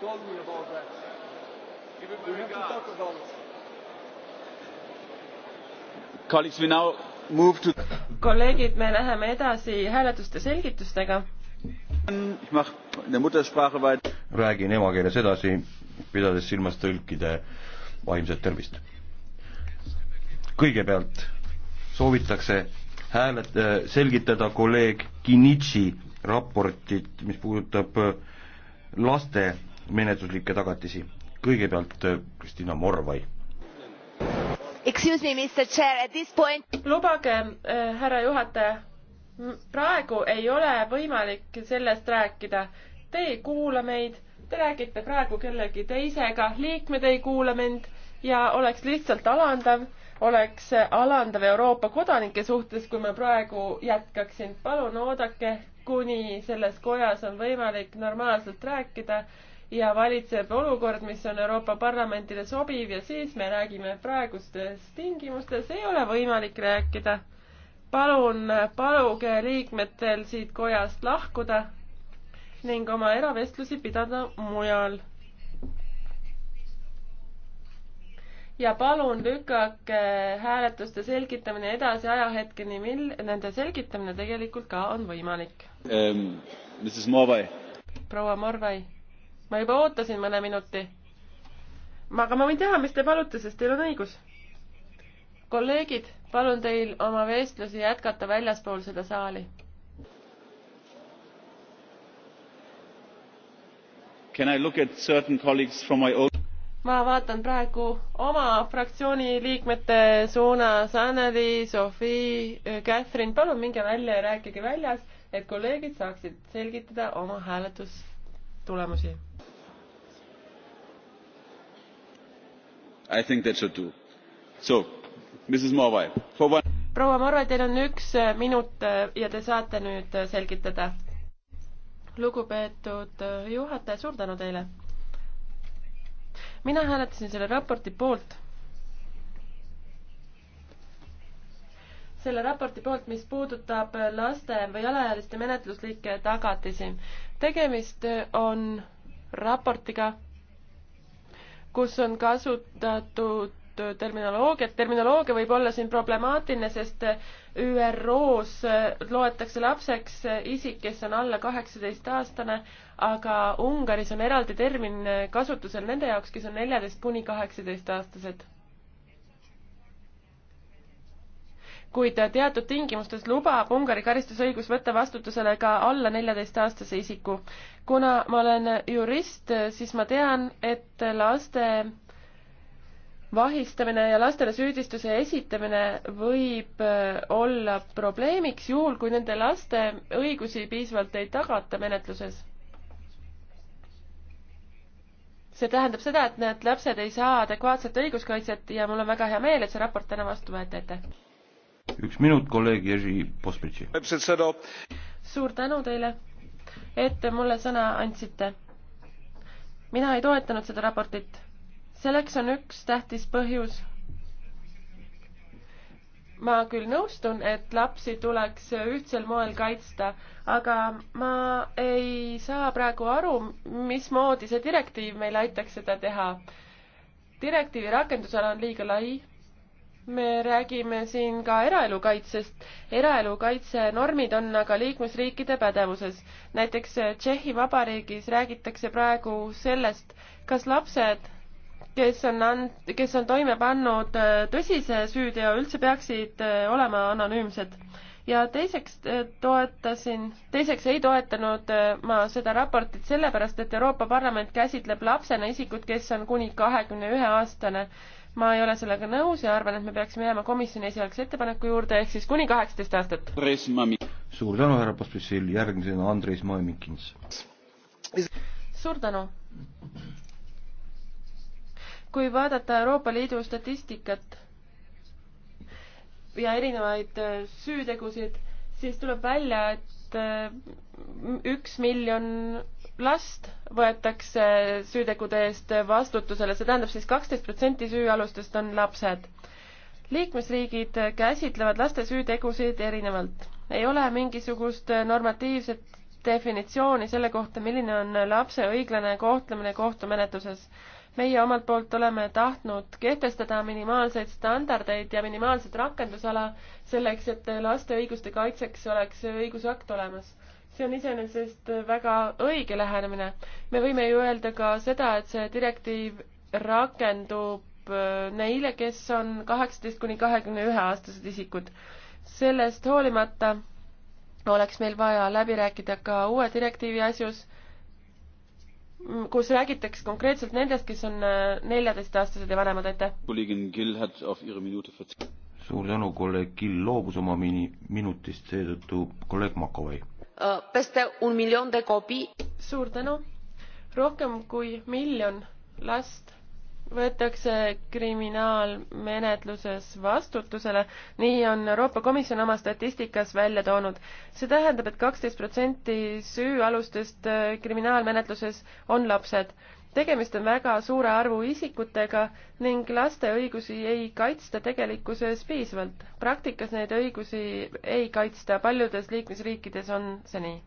told me about that. Give him a we regard. have to talk about it. Colleagues, we now move to kolleegid, me läheme edasi hääletuste selgitustega. räägin emakeeles edasi, pidades silmas tõlkide vaimset tervist. kõigepealt soovitakse hääled, äh, selgitada kolleeg Kinitši raportit, mis puudutab äh, laste menetluslikke tagatisi. kõigepealt äh, Kristina Morvai. Excuse me, Mr Chair, at this point. lubage äh,, härra juhataja, praegu ei ole võimalik sellest rääkida. Te ei kuula meid, te räägite praegu kellegi teisega, liikmed ei kuula mind ja oleks lihtsalt alandav oleks äh, alandav Euroopa kodanike suhtes, kui ma praegu jätkaksin. palun oodake, kuni selles kojas on võimalik normaalselt rääkida ja valitseb olukord, mis on Euroopa Parlamentile sobiv ja siis me räägime praegustes tingimustes, ei ole võimalik rääkida. palun paluge liikmetel siit kojast lahkuda ning oma eravestlusi pidada mujal. ja palun lükake hääletuste selgitamine edasi ajahetkeni, mil nende selgitamine tegelikult ka on võimalik ähm,. proua Morvai ma juba ootasin mõne minuti. aga ma võin teha, mis te palute, sest teil on õigus. kolleegid, palun teil oma vestlusi jätkata väljaspool seda saali. Can I look at certain colleagues from my own ma vaatan praegu oma fraktsiooni liikmete suunas, Anneli, Sofi, äh, Catherine, palun minge välja ja rääkige väljas, et kolleegid saaksid selgitada oma hääletustulemusi proua morvai teil on üks äh, minut äh, ja te saate nüüd äh, selgitada. lugupeetud juhataja suur tänu teile. mina hääletasin selle raporti poolt selle raporti poolt, mis puudutab laste või alaealiste menetluslikke tagatisi. tegemist on raportiga, kus on kasutatud terminoloogiat, terminoloogia võib olla siin problemaatiline, sest ÜRO-s loetakse lapseks isik, kes on alla kaheksateistaastane, aga Ungaris on eraldi termin kasutusel nende jaoks, kes on neljateist kuni kaheksateistaastased kuid teatud tingimustes lubab Ungari karistusõigus võtta vastutusele ka alla neljateistaastase isiku. kuna ma olen jurist, siis ma tean, et laste vahistamine ja lastele süüdistuse esitamine võib äh, olla probleemiks juhul, kui nende laste õigusi piisavalt ei tagata menetluses see tähendab seda, et need lapsed ei saa adekvaatset õiguskaitset ja mul on väga hea meel, et see raport täna vastu võeti, aitäh! üks minut, kolleeg Jerzy Pospitši. suur tänu teile, et te mulle sõna andsite. mina ei toetanud seda raportit. selleks on üks tähtis põhjus. ma küll nõustun, et lapsi tuleks ühtsel moel kaitsta, aga ma ei saa praegu aru, mismoodi see direktiiv meil aitaks seda teha. direktiivi rakendusala on liiga lai me räägime siin ka eraelu kaitsest. eraelu kaitse normid on aga liikmesriikide pädevuses. näiteks Tšehhi Vabariigis räägitakse praegu sellest, kas lapsed, kes on and-, kes on toime pannud äh, tõsise süüteo, üldse peaksid äh, olema anonüümsed. ja teiseks äh, toetasin, teiseks ei toetanud ma seda raportit sellepärast, et Euroopa Parlament käsitleb lapsena isikut, kes on kuni kahekümne ühe aastane ma ei ole sellega nõus ja arvan, et me peaksime jääma komisjoni esialgse ettepaneku juurde, ehk siis kuni kaheksateist aastat. suur tänu, härra Pospisil, järgmisena Andres Maemikins. suur tänu. kui vaadata Euroopa Liidu statistikat ja erinevaid äh, süütegusid, siis tuleb välja, et äh, üks miljon last võetakse süütegude eest vastutusele, see tähendab siis kaksteist protsenti süüalustest on lapsed. liikmesriigid käsitlevad laste süütegusid erinevalt. ei ole mingisugust normatiivset definitsiooni selle kohta, milline on lapse õiglane kohtlemine kohtumenetluses. meie omalt poolt oleme tahtnud kehtestada minimaalseid standardeid ja minimaalset rakendusala selleks, et laste õiguste kaitseks oleks õigusakt olemas see on iseenesest väga õige lähenemine. me võime ju öelda ka seda, et see direktiiv rakendub äh, neile, kes on kaheksateist kuni kahekümne ühe aastased isikud. sellest hoolimata oleks meil vaja läbi rääkida ka uue direktiivi asjus, kus räägitakse konkreetselt nendest, kes on äh, neljateistaastased ja vanemad, aitäh. suur tänu, kolleeg Kill loobus oma mini-, minutist, seetõttu kolleeg Makovei Äh, peste un milion de copii. suur tänu. rohkem kui miljon last võetakse kriminaalmenetluses vastutusele, nii on Euroopa Komisjon oma statistikas välja toonud. see tähendab et, et kaksteist protsenti süüalustest äh, kriminaalmenetluses on lapsed tegemist on väga suure arvu isikutega ning laste õigusi ei kaitsta tegelikkuses piisavalt. praktikas neid õigusi ei kaitsta, paljudes liikmesriikides on see nii.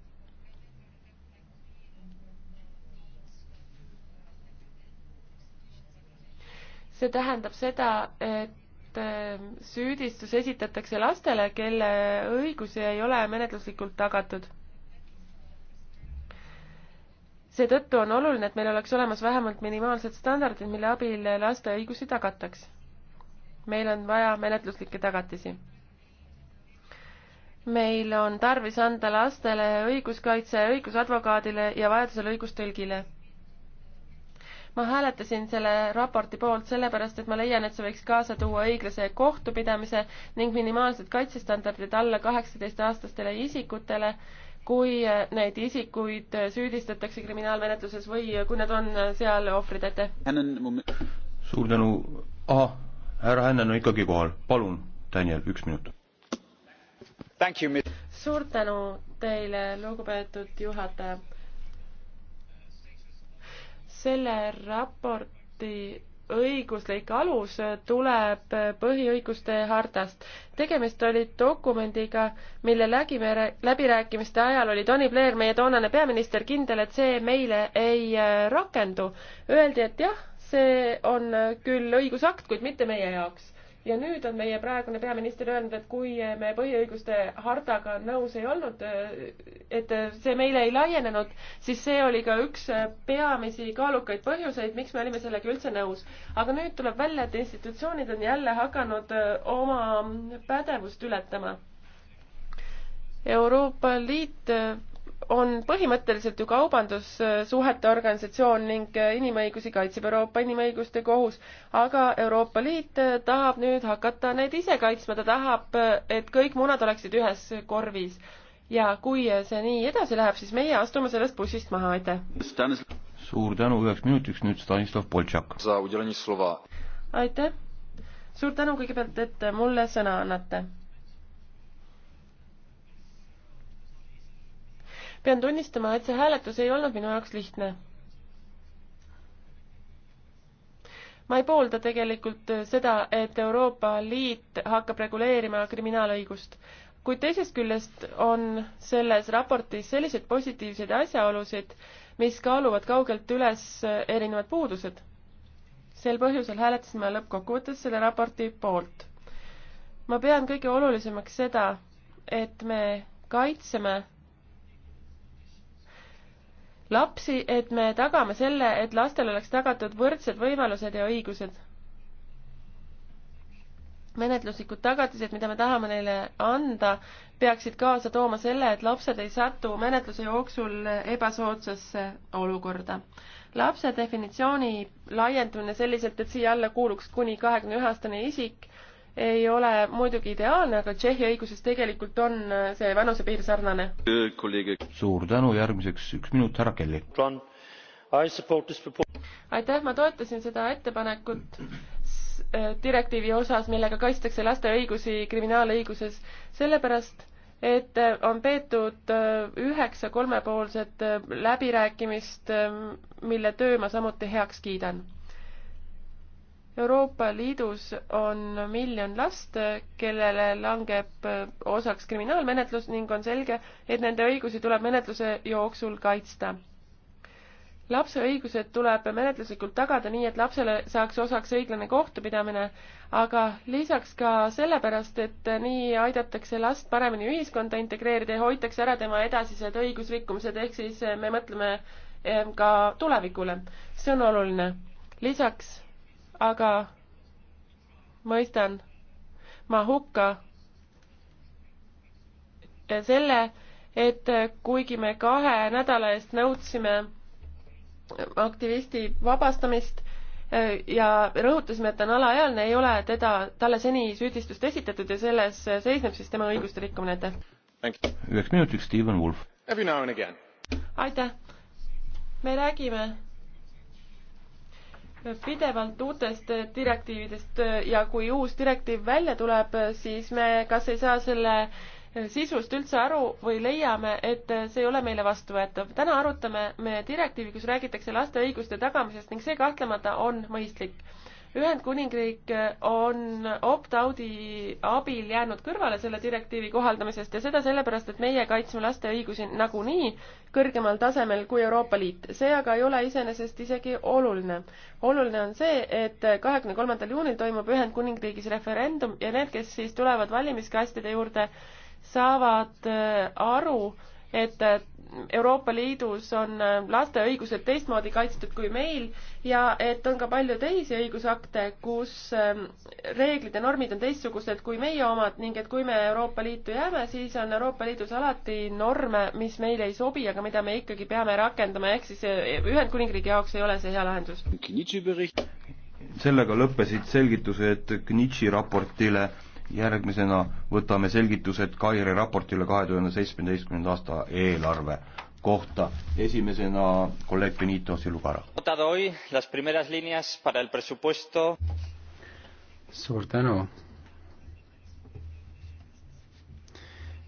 see tähendab seda, et ähm, süüdistus esitatakse lastele, kelle õigusi ei ole menetluslikult tagatud seetõttu on oluline, et meil oleks olemas vähemalt minimaalsed standardid, mille abil laste õigusi tagataks. meil on vaja menetluslikke tagatisi. meil on tarvis anda lastele õiguskaitse õigusadvokaadile ja vajadusel õigustõlgile. ma hääletasin selle raporti poolt sellepärast, et ma leian, et see võiks kaasa tuua õiglase kohtupidamise ning minimaalsed kaitsestandardid alla kaheksateist aastastele isikutele kui äh, neid isikuid äh, süüdistatakse kriminaalmenetluses või äh, kui nad on seal ohvrid, aitäh! suur tänu, ahah, härra Hännen on ikkagi kohal, palun, Daniel, üks minut. suur tänu teile, lugupeetud juhataja. selle raporti õiguslik alus tuleb põhiõiguste hartast. tegemist oli dokumendiga, mille läbimere, läbirääkimiste ajal oli Tony Blair, meie toonane peaminister, kindel, et see meile ei äh, rakendu. Öeldi, et jah, see on äh, küll õigusakt, kuid mitte meie jaoks ja nüüd on meie praegune peaminister öelnud, et kui me põhiõiguste hartaga nõus ei olnud, et see meile ei laienenud, siis see oli ka üks peamisi kaalukaid põhjuseid, miks me olime sellega üldse nõus. aga nüüd tuleb välja, et institutsioonid on jälle hakanud oma pädevust ületama. Euroopa Liit on põhimõtteliselt ju kaubandussuhete organisatsioon ning eh, inimõigusi kaitseb Euroopa Inimõiguste Kohus, aga Euroopa Liit eh, tahab nüüd hakata neid ise kaitsma, ta tahab, eh, et kõik munad oleksid ühes korvis. ja kui see nii edasi läheb, siis meie astume sellest bussist maha, aitäh! suur tänu üheks minutiks, nüüd Stanislav Boltšak. aitäh! suur tänu kõigepealt, et mulle sõna annate pean tunnistama, et see hääletus ei olnud minu jaoks lihtne. ma ei poolda tegelikult seda, et Euroopa Liit hakkab reguleerima kriminaalõigust, kuid teisest küljest on selles raportis selliseid positiivseid asjaolusid, mis kaaluvad kaugelt üles erinevad puudused. sel põhjusel hääletasime lõppkokkuvõttes selle raporti poolt. ma pean kõige olulisemaks seda, et me kaitseme lapsi, et me tagame selle, et lastel oleks tagatud võrdsed võimalused ja õigused. menetluslikud tagatised, mida me tahame neile anda, peaksid kaasa tooma selle, et lapsed ei satu menetluse jooksul ebasoodsasse olukorda. lapse definitsiooni laiendamine selliselt, et siia alla kuuluks kuni kahekümne ühe aastane isik, ei ole muidugi ideaalne, aga Tšehhi õiguses tegelikult on äh, see vanusepiir sarnane. suur tänu, järgmiseks üks minut, härra Kelly. aitäh, ma toetasin seda ettepanekut äh, direktiivi osas, millega kaitstakse laste õigusi kriminaalõiguses, sellepärast et äh, on peetud üheksa kolmepoolset läbirääkimist, mille töö ma samuti heaks kiidan Euroopa Liidus on miljon last, kellele langeb äh, osaks kriminaalmenetlus ning on selge, et nende õigusi tuleb menetluse jooksul kaitsta. lapse õigused tuleb menetluslikult tagada nii, et lapsele saaks osaks õiglane kohtupidamine, aga lisaks ka sellepärast, et nii aidatakse last paremini ühiskonda integreerida ja hoitakse ära tema edasised õigusrikkumised, ehk siis äh, me mõtleme äh, ka tulevikule. see on oluline. lisaks aga mõistan ma hukka selle, et kuigi me kahe nädala eest nõudsime aktivisti vabastamist äh, ja rõhutasime, et ta on alaealine, ei ole teda, talle seni süüdistust esitatud ja selles seisneb siis tema õiguste rikkumine, aitäh. üheks minutiks Steven Wolf. aitäh. me räägime pidevalt uutest direktiividest ja kui uus direktiiv välja tuleb, siis me kas ei saa selle sisust üldse aru või leiame, et see ei ole meile vastuvõetav. täna arutame me direktiivi, kus räägitakse laste õiguste tagamisest ning see kahtlemata on mõistlik Ühendkuningriik on opt-out'i abil jäänud kõrvale selle direktiivi kohaldamisest ja seda sellepärast, et meie kaitsme laste õigusi nagunii kõrgemal tasemel kui Euroopa Liit. see aga ei ole iseenesest isegi oluline. oluline on see, et kahekümne kolmandal juunil toimub Ühendkuningriigis referendum ja need, kes siis tulevad valimiskastide juurde, saavad äh, aru, et Euroopa Liidus on äh, laste õigused teistmoodi kaitstud kui meil ja et on ka palju teisi õigusakte, kus ähm, reeglid ja normid on teistsugused kui meie omad ning et kui me Euroopa Liitu jääme, siis on Euroopa Liidus alati norme, mis meile ei sobi, aga mida me ikkagi peame rakendama, ehk siis äh, Ühendkuningriigi jaoks ei ole see hea lahendus. sellega lõppesid selgitused Gnitši raportile järgmisena võtame selgitused Kaire raportile kahe tuhande seitsmeteistkümnenda aasta eelarve kohta. esimesena kolleeg Benito Silugara. suur tänu.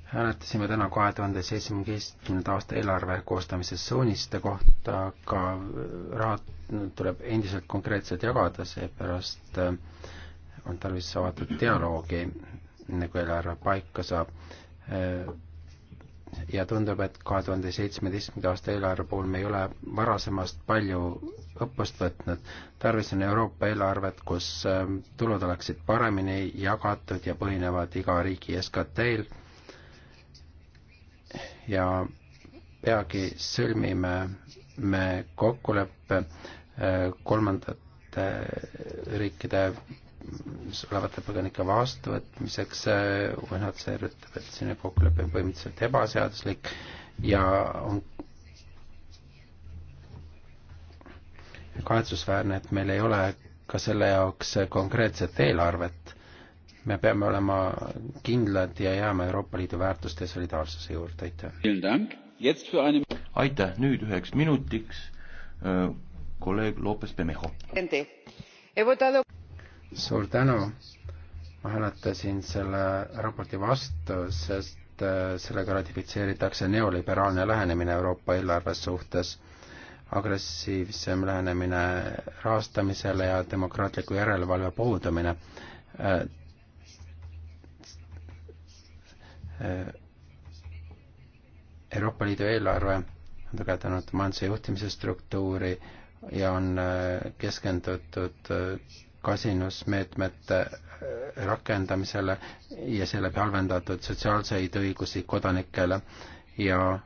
hääletasime täna kahe tuhande seitsmeteistkümnenda aasta eelarve koostamise suuniste kohta, aga raha tuleb endiselt konkreetselt jagada, seepärast äh, on tarvis avatud dialoogi, enne nagu kui eelarve paika saab. ja tundub, et kahe tuhande seitsmeteistkümnenda aasta eelarve puhul me ei ole varasemast palju õppust võtnud. tarvis on Euroopa eelarvet, kus ähm, tulud oleksid paremini jagatud ja põhinevad iga riigi SKT-l. ja peagi sõlmime me kokkuleppe äh, kolmandate äh, riikide olevate põgenike vastuvõtmiseks eh, UNHCR ütleb, et selline kokkulepe on põhimõtteliselt ebaseaduslik ja on kahetsusväärne, et meil ei ole ka selle jaoks konkreetset eelarvet. me peame olema kindlad ja jääma Euroopa Liidu väärtuste ja solidaarsuse juurde, aitäh. aitäh, nüüd üheks minutiks äh, kolleeg Lopez Pemejo suur tänu. ma hääletasin selle raporti vastu, sest äh, sellega ratifitseeritakse neoliberaalne lähenemine Euroopa eelarve suhtes, agressiivsem lähenemine rahastamisele ja demokraatliku järelevalve puudumine äh, äh, Euroopa Liidu eelarve on tugevdanud majanduse juhtimise struktuuri ja on keskendutud kasinusmeetmete äh, rakendamisele ja seeläbi halvendatud sotsiaalseid õigusi kodanikele ja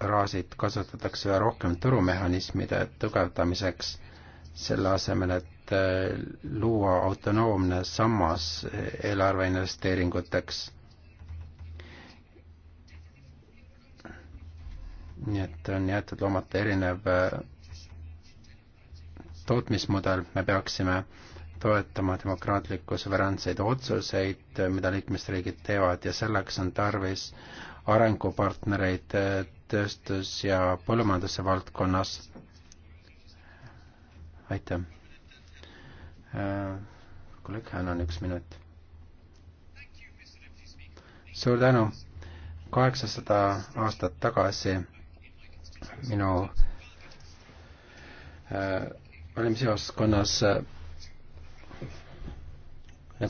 rahasid kasutatakse üha rohkem turumehhanismide tugevdamiseks, selle asemel, et äh, luua autonoomne sammas äh, eelarve investeeringuteks nii et on jäetud loomata erinev tootmismudel, me peaksime toetama demokraatlikku suveräänseid otsuseid, mida liikmesriigid teevad ja selleks on tarvis arengupartnereid äh, tööstus- ja põllumajanduse valdkonnas. aitäh. Äh, kolleeg Hännan, üks minut. suur tänu. kaheksasada aastat tagasi minu äh, valimisjaoskonnas äh,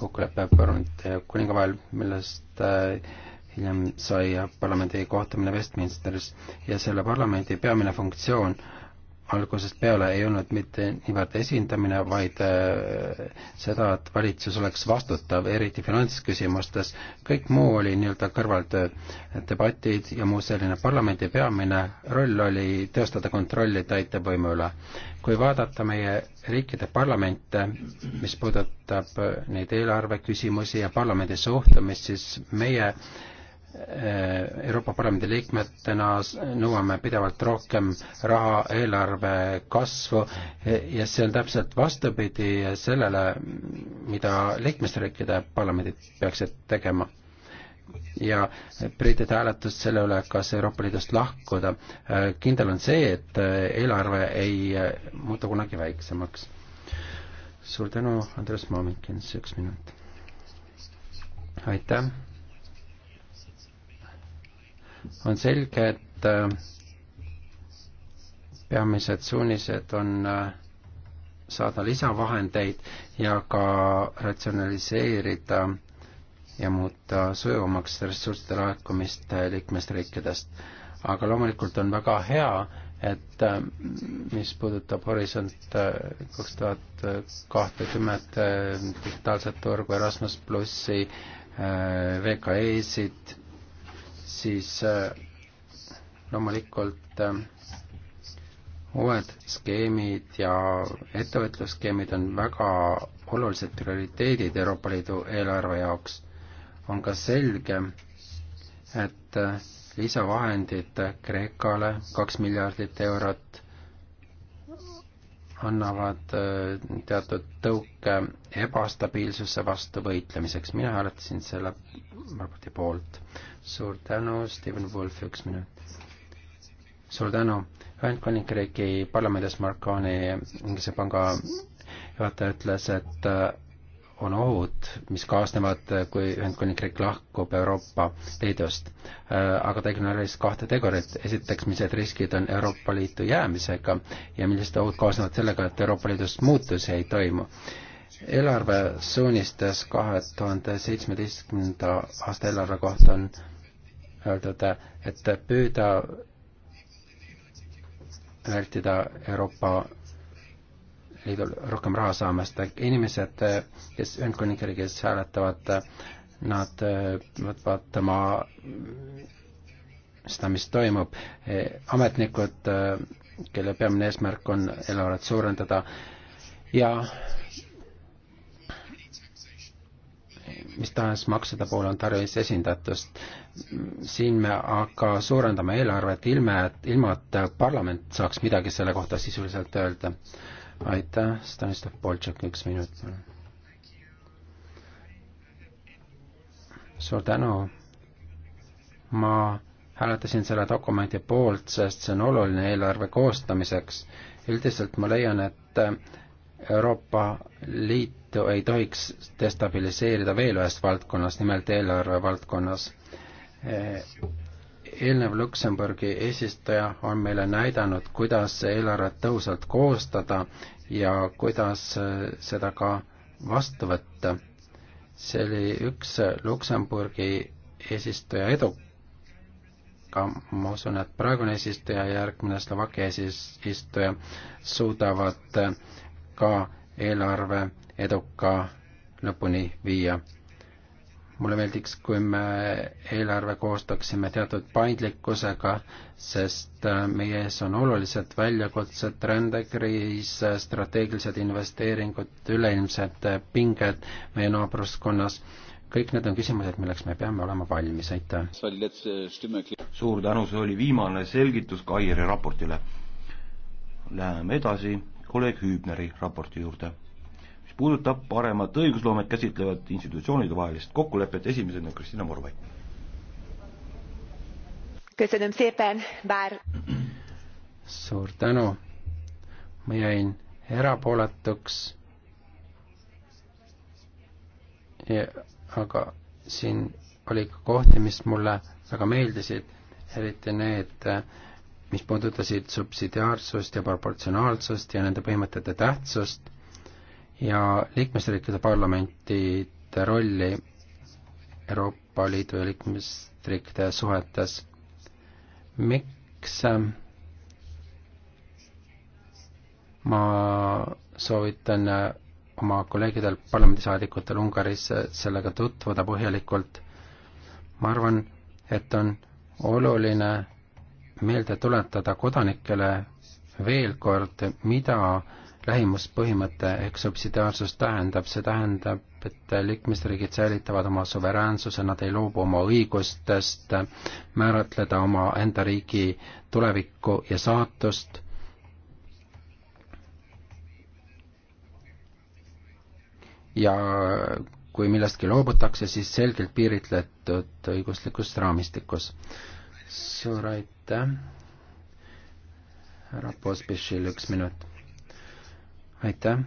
kokkulepe parlamendi ja äh, kuninga vahel, millest äh, hiljem sai parlamendi kohtumine Westminsteris ja selle parlamendi peamine funktsioon algusest peale ei olnud mitte niivõrd esindamine, vaid äh, seda, et valitsus oleks vastutav, eriti finantsküsimustes. kõik muu oli nii-öelda kõrvaltöö, äh, debatid ja muu selline. parlamendi peamine roll oli teostada kontrolli täitevvõimu üle. kui vaadata meie riikide parlamente, mis puudutab äh, neid eelarveküsimusi ja parlamendi suhtumist, siis meie Äh, Euroopa Parlamendi liikmetena nõuame pidevalt rohkem raha eelarve kasvu eh, ja see on täpselt vastupidi sellele, mida liikmesriikide parlamendid peaksid tegema. ja brittide hääletus selle üle, kas Euroopa Liidust lahkuda, äh, kindel on see, et äh, eelarve ei muutu kunagi väiksemaks. suur tänu, Andres Maamikins, üks minut. aitäh on selge, et äh, peamised suunised on äh, saada lisavahendeid ja ka ratsionaliseerida ja muuta sujuvamaks ressursside laekumist äh, liikmesriikidest. aga loomulikult on väga hea, et mis puudutab Horisont kaks tuhat kahtekümmet digitaalset turgu, Erasmus plussi, VKE-sid siis äh, loomulikult äh, uued skeemid ja ettevõtlusskeemid on väga olulised prioriteedid Euroopa Liidu eelarve jaoks. on ka selge, et äh, lisavahendid Kreekale kaks miljardit eurot annavad äh, teatud tõuke ebastabiilsuse vastu võitlemiseks. mina hääletasin selle raporti poolt. suur tänu, Steven Wolf, üks minut. suur tänu. Ühendkuningriigi parlamendis Marconi Inglise panga juhataja ütles, et äh, on ohud, mis kaasnevad, kui Ühendkuningriik lahkub Euroopa Liidust. Äh, aga ta ignoreeris kahte tegurit, esiteks, millised riskid on Euroopa Liitu jäämisega ja millised ohud kaasnevad sellega, et Euroopa Liidus muutusi ei toimu. eelarve suunistes kahe tuhande seitsmeteistkümnenda aasta eelarve kohta on öeldud, et püüda vältida Euroopa Liidul rohkem raha saama, sest inimesed, kes Ühendkuningriigis hääletavad, nad peavad eh, vaatama eh, seda, mis toimub. Eh, ametnikud, kelle peamine eesmärk on eelarvet suurendada ja mis tahes maksude puhul on tarvis esindatust. siin me aga suurendame eelarvet ilma, et, ilma et parlament saaks midagi selle kohta sisuliselt öelda aitäh, Stanislav Boltšak, üks minut, palun. suur tänu. ma hääletasin selle dokumendi poolt, sest see on oluline eelarve koostamiseks. üldiselt ma leian, et Euroopa Liitu ei tohiks destabiliseerida veel ühes valdkonnas, nimelt eelarve valdkonnas eelnev Luksemburgi eesistuja on meile näidanud, kuidas eelarvet tõhusalt koostada ja kuidas äh, seda ka vastu võtta. see oli üks Luksemburgi eesistuja edu. aga ma usun, et praegune eesistuja ja järgmine Slovakkia eesistuja suudavad äh, ka eelarve eduka lõpuni viia mulle meeldiks, kui me eelarve koostaksime teatud paindlikkusega, sest äh, meie ees on olulised väljakutsed, rändekriis, äh, strateegilised investeeringud, üleilmsed äh, pinged meie naabruskonnas, kõik need on küsimused, milleks me peame olema valmis, aitäh. suur tänu, see oli viimane selgitus Kairi raportile. Läheme edasi kolleeg Hüübneri raporti juurde puudutab paremat õigusloomet käsitlevat institutsioonide vahelist kokkulepet, esimesena Kristina Morvai. suur tänu, ma jäin erapooletuks. aga siin oli ka kohti, mis mulle väga meeldisid, eriti need, mis puudutasid subsidiaarsust ja proportsionaalsust ja nende põhimõtete tähtsust ja liikmesriikide parlamentide rolli Euroopa Liidu ja liikmesriikide suhetes. miks ähm, ma soovitan äh, oma kolleegidel, parlamendisaadikutel Ungaris äh, sellega tutvuda põhjalikult. ma arvan, et on oluline meelde tuletada kodanikele veel kord, mida äh, lähimuspõhimõte ehk subsidiaarsus tähendab, see tähendab, et liikmesriigid säilitavad oma suveräänsuse, nad ei loobu oma õigustest määratleda omaenda riigi tulevikku ja saatust. ja kui millestki loobutakse, siis selgelt piiritletud õiguslikus raamistikus. suur aitäh, härra Pospišil üks minut aitäh!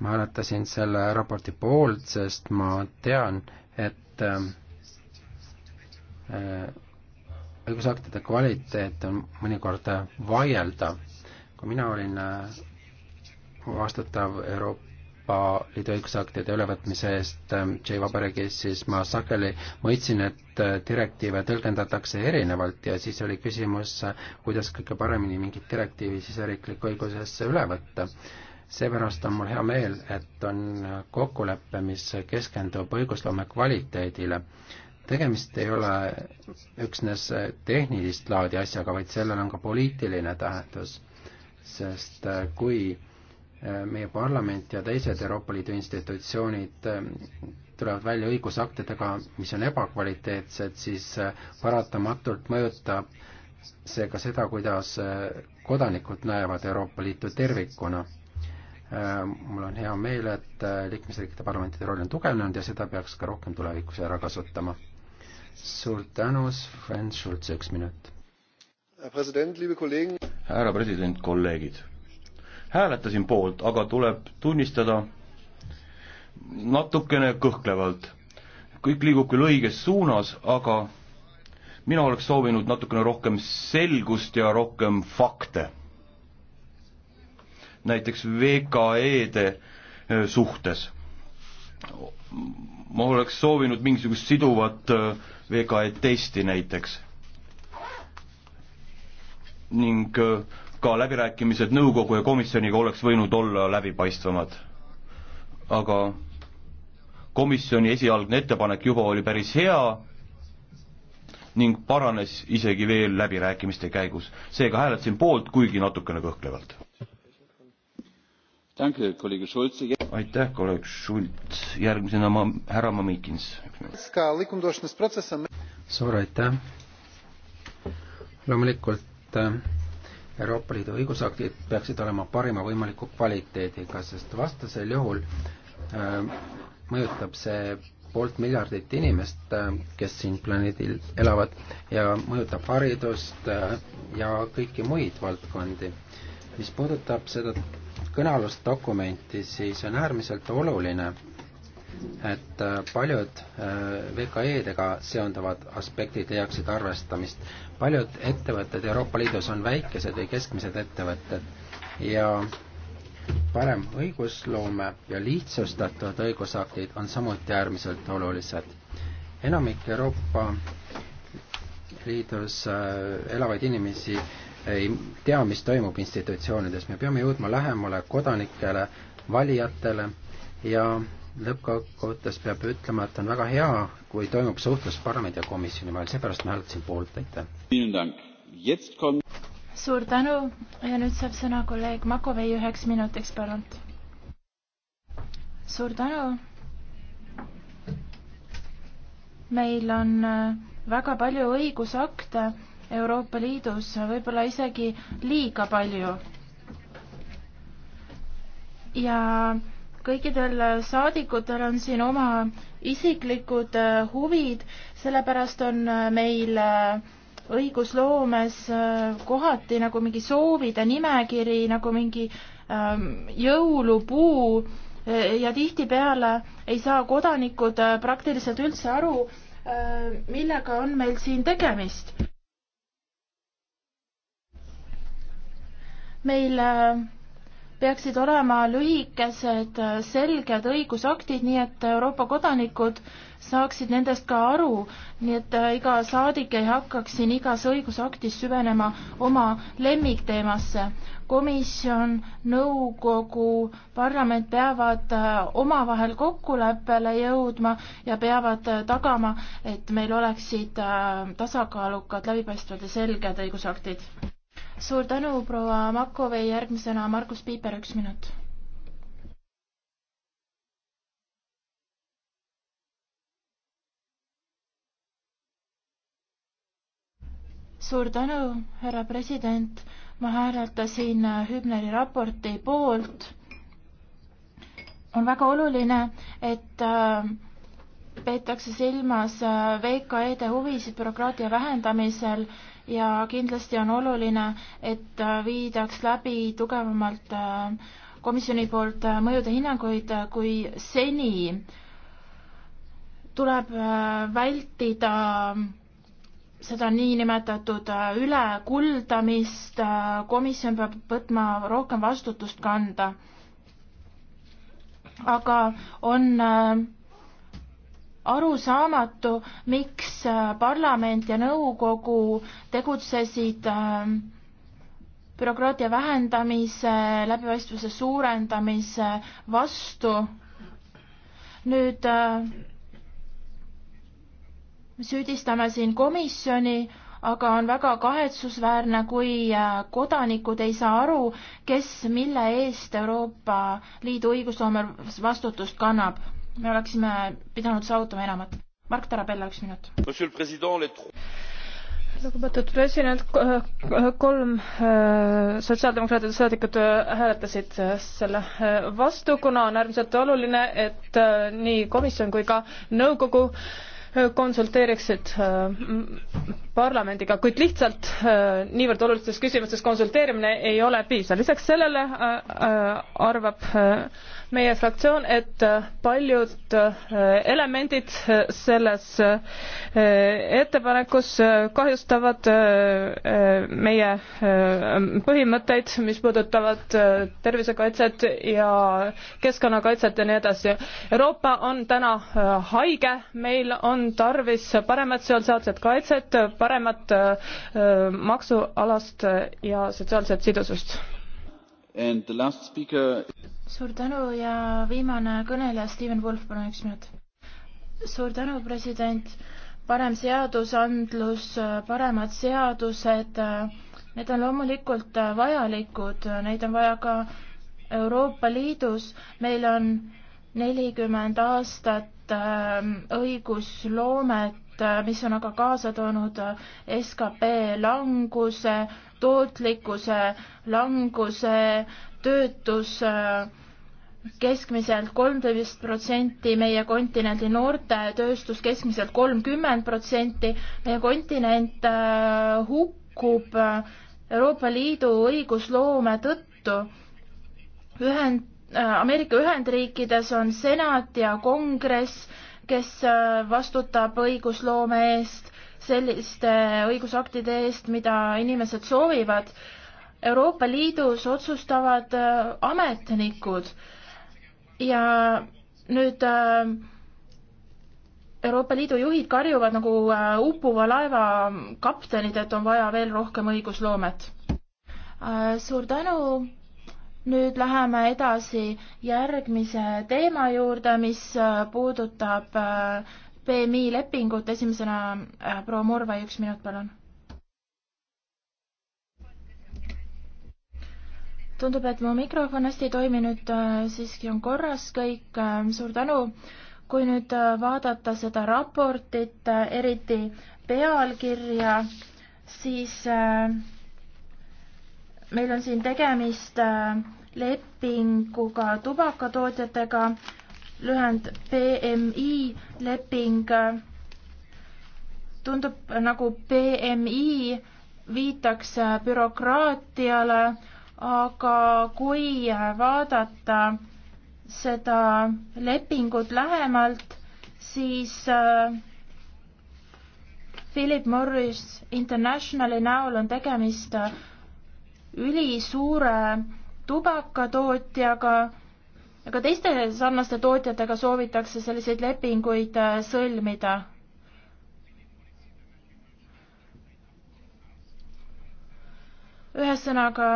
ma hääletasin selle raporti poolt, sest ma tean, et äh, äh, õigusaktide äh, kvaliteet on mõnikord vaieldav. kui mina olin äh, vastutav Euroopa Euroopa Liidu õigusaktide ülevõtmise eest ähm, Tšehhi Vabariigis, siis ma sageli mõistsin, et äh, direktiive tõlgendatakse erinevalt ja siis oli küsimus, äh, kuidas kõige paremini mingit direktiivi siseriiklikku õigusesse üle võtta seepärast on mul hea meel, et on äh, kokkulepe, mis keskendub õigusloome kvaliteedile. tegemist ei ole üksnes tehnilist laadi asjaga, vaid sellel on ka poliitiline tähendus, sest kui Äh, meie parlament ja teised Euroopa Liidu institutsioonid äh, tulevad välja õigusaktidega, mis on ebakvaliteetsed, siis äh, paratamatult mõjutab see ka seda, kuidas kodanikud näevad Euroopa Liitu tervikuna. mul on hea meel, et liikmesriikide parlamentide roll on tugevnenud ja seda peaks ka rohkem tulevikus ära kasutama. suur tänu, Sven Schulz, üks minut. härra president, kolleegid hääletasin poolt, aga tuleb tunnistada natukene kõhklevalt. kõik liigub küll õiges suunas, aga mina oleks soovinud natukene rohkem selgust ja rohkem fakte. näiteks VKE-de e, suhtes. ma oleks soovinud mingisugust siduvat VKE e testi näiteks. ning e, ka läbirääkimised nõukogu ja komisjoniga oleks võinud olla läbipaistvamad. aga komisjoni esialgne ettepanek juba oli päris hea ning paranes isegi veel läbirääkimiste käigus. seega hääletasin poolt, kuigi natukene kõhklevalt. aitäh, kolleeg Schultz, järgmisena ma, härra Mamikins. suur aitäh. loomulikult äh, Euroopa Liidu õigusaktid peaksid olema parima võimaliku kvaliteediga, sest vastasel juhul äh, mõjutab see poolt miljardit inimest, äh, kes siin planeedil elavad ja mõjutab haridust äh, ja kõiki muid valdkondi. mis puudutab seda kõnealust dokumenti, siis on äärmiselt oluline, et äh, paljud äh, VKE-dega seonduvad aspektid leiaksid arvestamist. paljud ettevõtted Euroopa Liidus on väikesed või keskmised ettevõtted ja parem õigusloome ja lihtsustatud õigusaktid on samuti äärmiselt olulised. enamik Euroopa Liidus äh, elavaid inimesi ei tea, mis toimub institutsioonides, me peame jõudma lähemale kodanikele, valijatele ja lõppkokkuvõttes peab ütlema, et on väga hea, kui toimub suhtlus parlamendi ja komisjoni vahel, seepärast ma hääletasin poolt, aitäh. suur tänu ja nüüd saab sõna kolleeg Makovei üheks minutiks, palun. suur tänu. meil on äh, väga palju õigusakte Euroopa Liidus, võib-olla isegi liiga palju. ja kõikidel äh, saadikutel on siin oma isiklikud äh, huvid, sellepärast on äh, meil õigusloomes kohati nagu mingi soovide nimekiri, nagu mingi ähm, jõulupuu ja tihtipeale ei saa kodanikud praktiliselt üldse aru, millega on meil siin tegemist. meil peaksid olema lühikesed selged õigusaktid, nii et Euroopa kodanikud saaksid nendest ka aru, nii et äh, iga saadik ei hakkaks siin igas õigusaktis süvenema oma lemmikteemasse. komisjon, nõukogu, parlament peavad äh, omavahel kokkuleppele jõudma ja peavad äh, tagama, et meil oleksid tasakaalukad, läbipaistvad ja selged õigusaktid suur tänu, proua Makovei, järgmisena Margus Piiper, üks minut. suur tänu, härra president, ma hääletasin Hübneri raporti poolt. on väga oluline, et äh, peetakse silmas äh, VKE-de huvisid bürokraatia vähendamisel ja kindlasti on oluline, et äh, viidaks läbi tugevamalt äh, komisjoni poolt mõjude hinnanguid kui seni. tuleb vältida seda niinimetatud ülekuldamist, komisjon peab võtma rohkem vastutust kanda. aga on äh, arusaamatu, miks äh, parlament ja nõukogu tegutsesid äh, bürokraatia vähendamise, läbipaistvuse suurendamise vastu. nüüd äh, süüdistame siin komisjoni, aga on väga kahetsusväärne, kui kodanikud ei saa aru, kes mille eest Euroopa Liidu õigusloomes vastutust kannab me oleksime pidanud saavutama enamat. Mark Tarabella, üks minut. lugupeetud president, kolm äh, sotsiaaldemokraatide saadikut äh, hääletasid äh, selle vastu, kuna on äärmiselt oluline, et nii komisjon kui ka nõukogu konsulteeriksid parlamendiga, kuid lihtsalt äh, niivõrd olulistes küsimustes konsulteerimine ei ole piisav. lisaks sellele äh, äh, arvab meie fraktsioon, et paljud elemendid selles ettepanekus kahjustavad meie põhimõtteid, mis puudutavad tervisekaitset ja keskkonnakaitset ja nii edasi. Euroopa on täna haige, meil on tarvis paremat sotsiaalset kaitset, paremat äh, äh, maksualast ja sotsiaalset sidusust. Speaker... suur tänu ja viimane kõneleja, Steven Wolf, palun üks minut. suur tänu, president. parem seadusandlus, paremad seadused, need on loomulikult vajalikud, neid on vaja ka Euroopa Liidus, meil on nelikümmend aastat ähm, õigusloomet Äh, mis on aga kaasa toonud äh, skp languse, tootlikkuse languse, töötus äh, keskmiselt kolmteist protsenti, meie kontinendi noorte tööstus keskmiselt kolmkümmend protsenti, meie kontinent hukkub Euroopa Liidu õigusloome tõttu. Ühend, Ameerika Ühendriikides on senat ja kongress kes äh, vastutab õigusloome eest, selliste äh, õigusaktide eest, mida inimesed soovivad. Euroopa Liidus otsustavad äh, ametnikud ja nüüd Euroopa Liidu juhid karjuvad nagu uppuva laeva kaptenid, et on vaja veel rohkem õigusloomet. suur tänu nüüd läheme edasi järgmise teema juurde, mis äh, puudutab BMI äh, lepingut, esimesena äh, proua Murve, üks minut, palun. tundub, et mu mikrofon hästi ei toimi, nüüd siiski on korras kõik, suur tänu. kui nüüd vaadata seda raportit, eriti pealkirja, siis äh, meil on siin tegemist äh, lepinguga tubakatootjatega, lühend PMI leping äh, tundub nagu PMI viitaks äh, bürokraatiale, aga kui vaadata seda lepingut lähemalt, siis Philip Morris Internationali näol on tegemist ülisuure tubakatootjaga ja ka teiste sarnaste tootjatega soovitakse selliseid lepinguid äh, sõlmida. ühesõnaga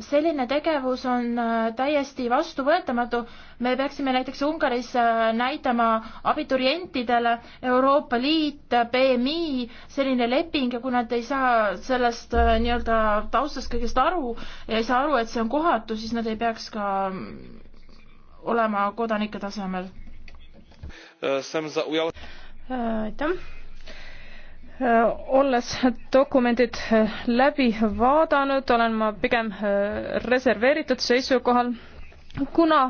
selline tegevus on äh, täiesti vastuvõetamatu. me peaksime näiteks Ungaris äh, näitama abiturientidele Euroopa Liit, BMI, selline leping ja kui nad ei saa sellest äh, nii-öelda taustast kõigest aru ja ei saa aru, et see on kohatu, siis nad ei peaks ka mm, olema kodanike tasemel. aitäh Äh, olles dokumendid äh, läbi vaadanud, olen ma pigem äh, reserveeritud seisukohal, kuna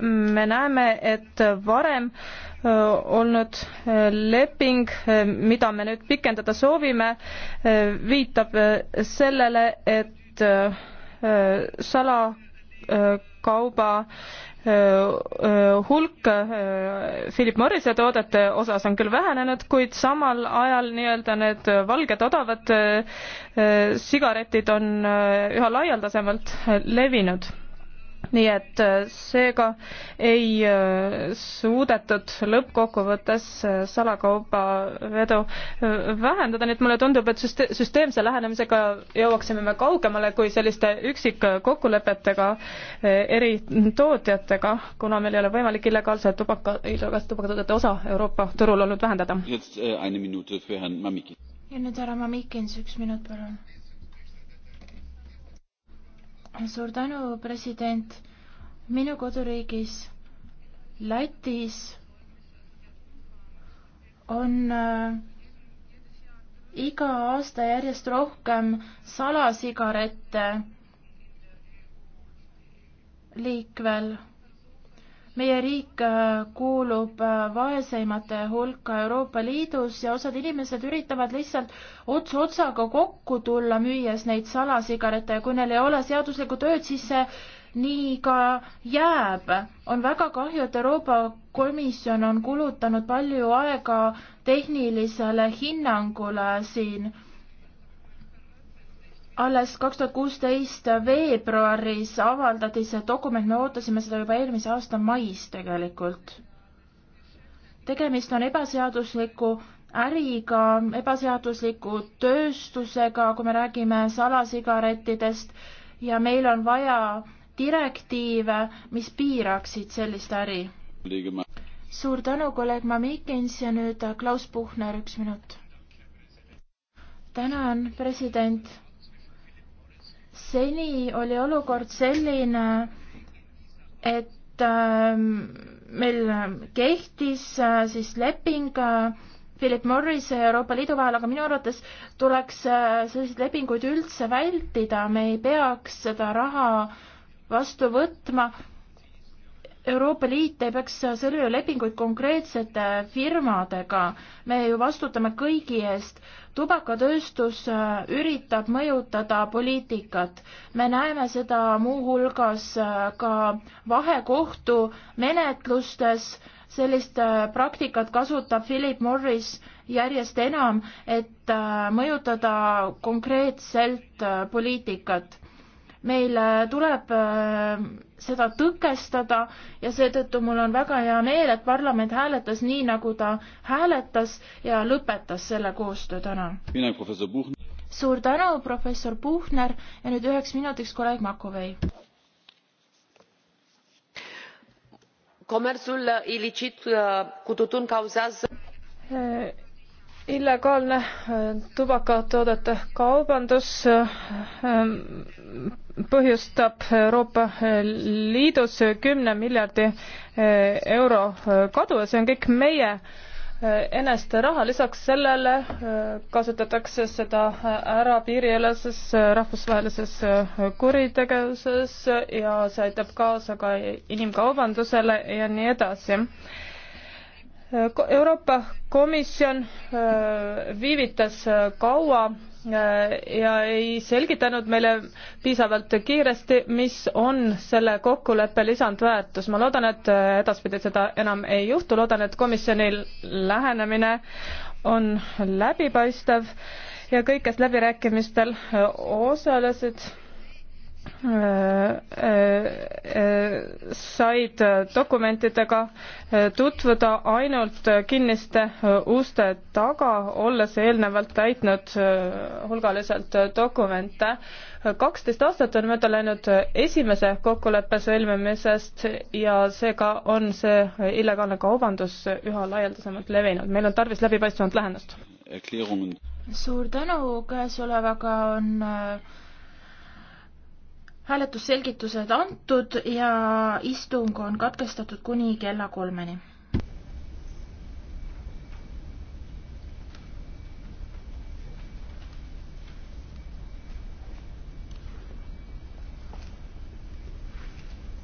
me näeme, et varem olnud leping, mida me nüüd pikendada soovime, viitab sellele, et salakauba Äh, äh, hulk äh, Philip Morrise toodete osas on küll vähenenud, kuid samal ajal nii-öelda need valged odavad sigaretid on üha laialdasemalt levinud nii et äh, seega ei äh, suudetud lõppkokkuvõttes äh, salakaubavedu vähendada, nii et mulle tundub, et süste-, süsteemse lähenemisega jõuaksime me kaugemale kui selliste üksikkokkulepetega eri tootjatega, kuna meil ei ole võimalik illegaalse tubaka, illegaalse tubakatoodete osa Euroopa turul olnud vähendada. ja nüüd härra Mamikins, üks minut palun suur tänu, president. minu koduriigis Lätis on äh, iga aasta järjest rohkem salasigarette liikvel meie riik äh, kuulub äh, vaeseimate hulka Euroopa Liidus ja osad inimesed üritavad lihtsalt ots otsaga kokku tulla, müües neid salasigarette ja kui neil ei ole seaduslikku tööd, siis see nii ka jääb. on väga kahju, et Euroopa Komisjon on kulutanud palju aega tehnilisele hinnangule siin alles kaks tuhat kuusteist veebruaris avaldati see dokument, me ootasime seda juba eelmise aasta mais tegelikult. tegemist on ebaseadusliku äriga, ebaseadusliku tööstusega, kui me räägime salasigarettidest ja meil on vaja direktiive, mis piiraksid sellist äri. suur tänu, kolleeg Mamikins ja nüüd Klaus Puhner, üks minut. tänan, president seni oli olukord selline, et ähm, meil kehtis äh, siis leping äh, Philip Morris ja Euroopa Liidu vahel, aga minu arvates tuleks äh, selliseid lepinguid üldse vältida, me ei peaks seda raha vastu võtma Euroopa Liit ei peaks sõlmima lepinguid konkreetsete firmadega, me ju vastutame kõigi eest. tubakatööstus äh, üritab mõjutada poliitikat. me näeme seda muuhulgas äh, ka vahekohtu menetlustes, sellist äh, praktikat kasutab Philip Morris järjest enam, et mõjutada konkreetselt poliitikat meil äh, tuleb äh, seda tõkestada ja seetõttu mul on väga hea meel, et parlament hääletas nii, nagu ta hääletas ja lõpetas selle koostöö täna. suur tänu, professor Puhner ja nüüd üheks minutiks kolleeg Makovei. comerțul ilicit uh, cu tutun cauzează äh, illegaalne äh, tubakatoodete kaubandus äh, põhjustab Euroopa Liidus kümne miljardi äh, euro kadu ja see on kõik meie eneste raha, lisaks sellele kasutatakse seda ära piiriüleses rahvusvahelises kuritegevuses ja see aitab kaasa ka inimkaubandusele ja nii edasi Euroopa Komisjon äh, viivitas äh, kaua äh, ja ei selgitanud meile piisavalt kiiresti, mis on selle kokkuleppe lisandväärtus. ma loodan, et edaspidi seda enam ei juhtu, loodan, et komisjoni lähenemine on läbipaistev ja kõik, kes läbirääkimistel osalesid, said dokumentidega tutvuda ainult kinniste uste taga, olles eelnevalt täitnud hulgaliselt dokumente. kaksteist aastat on mööda läinud esimese kokkuleppe sõlmimisest ja seega on see illegaalne kaubandus üha laialdasemalt levinud. meil on tarvis läbipaistvamat lähenust. suur tänu, käesolevaga on äh, hääletusselgitused antud ja istung on katkestatud kuni kella kolmeni.